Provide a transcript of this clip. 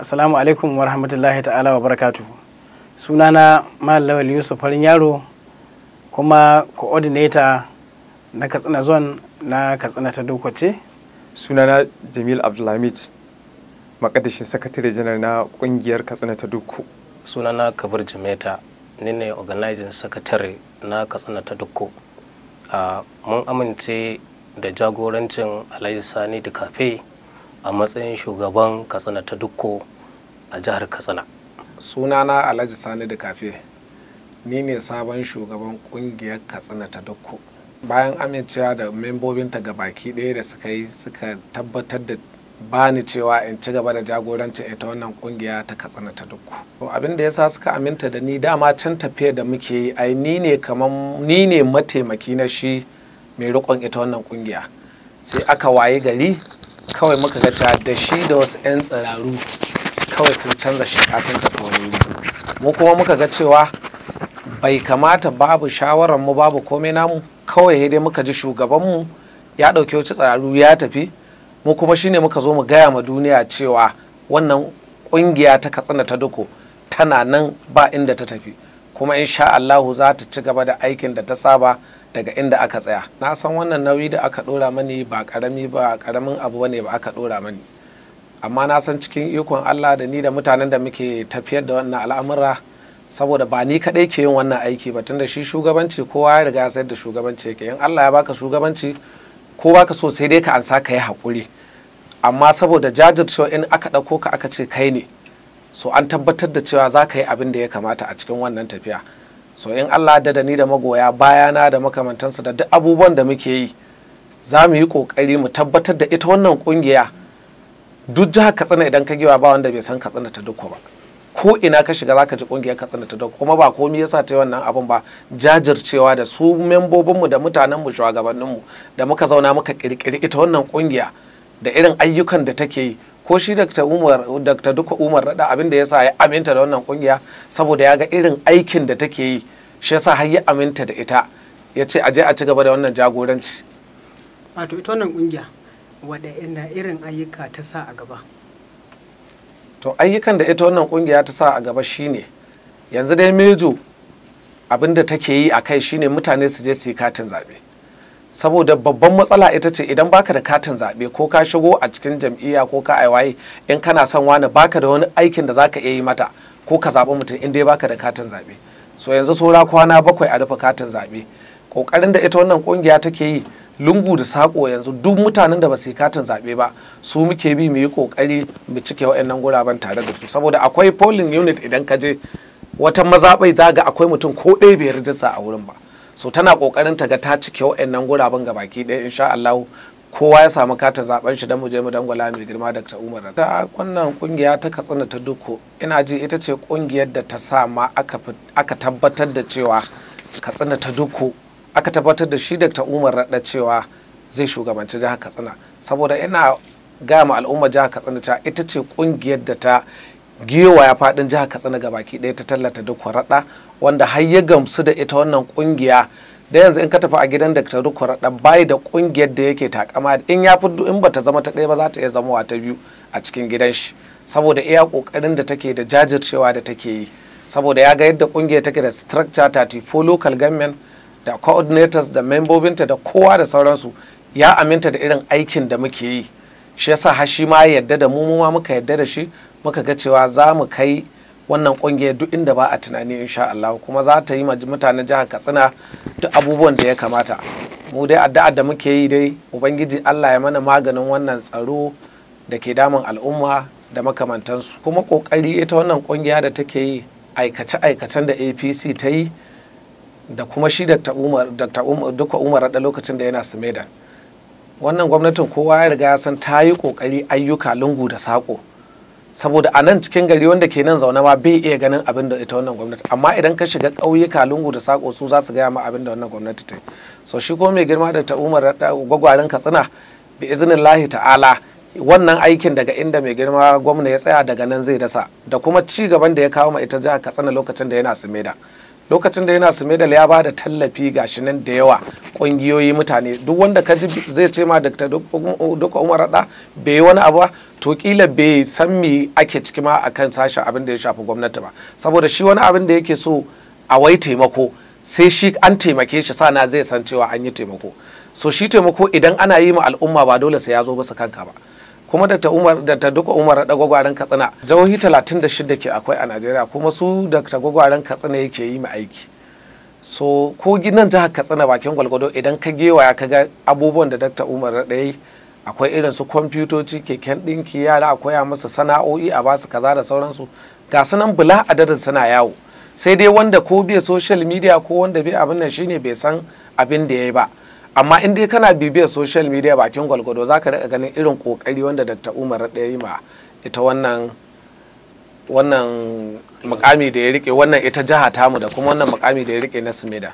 Assalamu alaikum wa rahmatullahi ta'ala wa barakatu. Sunana Malam Lawal Yusuf Farin Yaro kuma coordinator na Katsina Zone na Katsina ta Dokoce. Sunana Jamil Abdulhamid makadashin sakatare janar na kungiyar Katsina ta Doko. Sunana Kabir Jameta ni ne organizing sakatare na Katsina ta Doko. Uh, ah, mun amince da jagorancin Alhaji Sani da Kafe. a matsayin shugaban katsina ta dukko a jihar katsina sunana alhaji sani da kafe ni ne sabon shugaban kungiyar katsina ta dukko bayan amincewa da membobinta ga baki ɗaya da suka yi suka tabbatar da bani cewa in ci gaba da jagorancin ita wannan kungiya ta katsina ta to abin da yasa suka aminta da ni dama can tafiya da muke yi ai ni ne kaman ni ne mataimaki na shi mai rikon ita wannan kungiya sai aka waye gari kawai muka ga cewa da shi da wasu 'yan tsiraru kawai sun canza shi sun tafi wani mu kuma muka ga cewa bai kamata babu shawarar mu babu komai namu kawai dai muka ji shugabanmu ya ɗauki wasu tsararru ya tafi mu kuma shine muka zo mu gaya ma duniya cewa wannan ƙungiya ta katsina ta duku tana nan ba inda ta tafi kuma insha Allahu za ta ci gaba da aikin da ta saba daga inda aka tsaya na san wannan nauyi da aka dora mani ba karami ba karamin abu bane ba aka dora mani amma na san cikin ikon Allah da ni da mutanen da muke tafiyar da wannan al'amura saboda ba ni kadai ke yin wannan aiki ba tunda shi shugabanci kowa ya riga sai da shugabanci yake in Allah ya baka shugabanci ko baka so sai dai ka ansa ka yi hakuri amma saboda jajircewa in aka dauko ka aka ce kai ne so an tabbatar da cewa za ka yi abin da ya kamata a cikin wannan tafiya so in Allah da da ni da magoya bayana da makamantansa da duk abubuwan da muke yi za mu yi kokari mu tabbatar da ita wannan kungiya duk jihar katsina idan ka giwa ba wanda bai san katsina ta dukko ba ko ina ka shiga za ka ji kungiyar katsina ta dukko kuma ba komai yasa ta yi wannan abun ba jajircewa da su membobinmu da mutanenmu shugabanninmu da muka zauna muka kirkiri ita wannan kungiya da irin ayyukan da take yi ko shi dakta Umar dakta Duka Umar Rada abin da yasa ya aminta da wannan kungiya saboda ya ga irin aikin da take yi shi yasa har ya aminta da ita ya ce aje a ci gaba da wannan jagoranci wato ita wannan kungiya waɗanda irin ayyuka ta sa a gaba to ayyukan da ita wannan kungiya ta sa a gaba shine yanzu dai mejo abin da take yi a kai shine mutane su je su yi katin zaɓe saboda babban matsala ita ce idan baka da katin zaɓe ko ka shigo a cikin jam'iyya ko ka aiwaye in kana son wani baka da wani aikin da zaka iya yi mata ko ka zaɓi mutum in dai baka da katin zaɓe so yanzu saura kwana bakwai a rufe katin zaɓe ƙoƙarin da ita wannan kungiya take yi lungu da sako yanzu duk mutanen da ba su yi katin zaɓe ba su muke bi mu yi ƙoƙari mu cike waɗannan guraben tare da su saboda akwai polling unit idan ka je wata mazaɓai zaga akwai mutum ko ɗaya bai rijista a wurin ba so tana kokarin ta ga ta cike wa'annan guraben ga baki ɗaya insha Allah kowa ya samu katin zaben shi dan mu je mu dangwala mai girma da ta umar ta wannan kungiya ta katsina ta duko ina ji ita ce kungiyar da ta sa ma aka tabbatar da cewa katsina ta duko aka tabbatar da shi da umar raɗa cewa zai shugabanci jihar katsina saboda ina mu al'umma jihar katsina ta ita ce kungiyar da ta giyowa ya faɗin jihar katsina ga baki ɗaya ta tallata duk raɗa wanda har ya gamsu da ita wannan ƙungiya da yanzu in ka tafi a gidan da duk raɗa bai da ƙungiyar da yake takama in ya fi in bata zama ta ɗaya ba za ta iya zama ta biyu a cikin gidan shi saboda iya kokarin da take da jajircewa da take yi saboda ya ga yadda ƙungiyar take da structure 34 local government da coordinators da membobinta da kowa da sauransu ya aminta da irin aikin da muke yi shi yasa har shi ma yadda da mu mu ma muka yadda da shi muka ga cewa za mu kai wannan kungiyar duk inda ba a tunani insha Allah kuma za ta yi mutanen jihar Katsina duk abubuwan da ya kamata mu dai addu'a da muke yi dai ubangiji Allah ya mana maganin wannan tsaro da ke damun al'umma da makamantansu kuma kokari ita wannan kungiya da take yi aikace aikacen da APC ta yi da kuma shi Dr. Umar Dr. Umar duka Umar da lokacin da yana Sumedan wannan gwamnatin kowa ya riga ya san ta yi kokari ayyuka lungu da sako saboda a nan cikin gari wanda ke nan zaune ma bai iya ganin abin da ita wannan gwamnati amma idan ka shiga ƙauyuka lungu da sako su za su gaya ma abin da wannan gwamnati ta yi so shi ko mai girma da ta umar gwagwarin katsina bi izinin lahi ta'ala wannan aikin daga inda mai girma gwamna ya tsaya daga nan zai dasa da kuma ci gaban da ya kawo ma ita jihar katsina lokacin da yana sumeda lokacin da yana su da ya ba da tallafi ga shi nan da yawa kungiyoyi mutane duk wanda ka ji zai ce ma dr duka umar da bai yi wani abu ba to kila bai san me ake ciki ma akan sashen abin da ya shafi gwamnati ba saboda shi wani abin da yake so a wai taimako sai shi an taimake shi sana zai san cewa an yi taimako so shi taimako idan ana yi ma al'umma ba dole sai ya zo ba su kanka ba kuma da ta umar da ta duka umar da gwagwaran katsina jihohi 36 ke akwai a najeriya kuma su da ta gwagwaran katsina yake yi mai aiki so ko gidan jihar katsina bakin gwalgwado idan ka gewa ka ga abubuwan da dakta umar da yi akwai irin su kwamfutoci keken ɗinki yara a koya sana'o'i a basu kaza da sauransu ga sunan bula adadin suna yawo sai dai wanda ko bai social media ko wanda bai abin nan shine bai san abin da ya yi ba amma in dai kana bibiyar social media bakin gwalgwado za ka daga ganin irin kokari wanda dr umar ya yi ma ita wannan wannan mukami da ya rike wannan ita jiha tamu da kuma wannan mukami da ya rike na simeda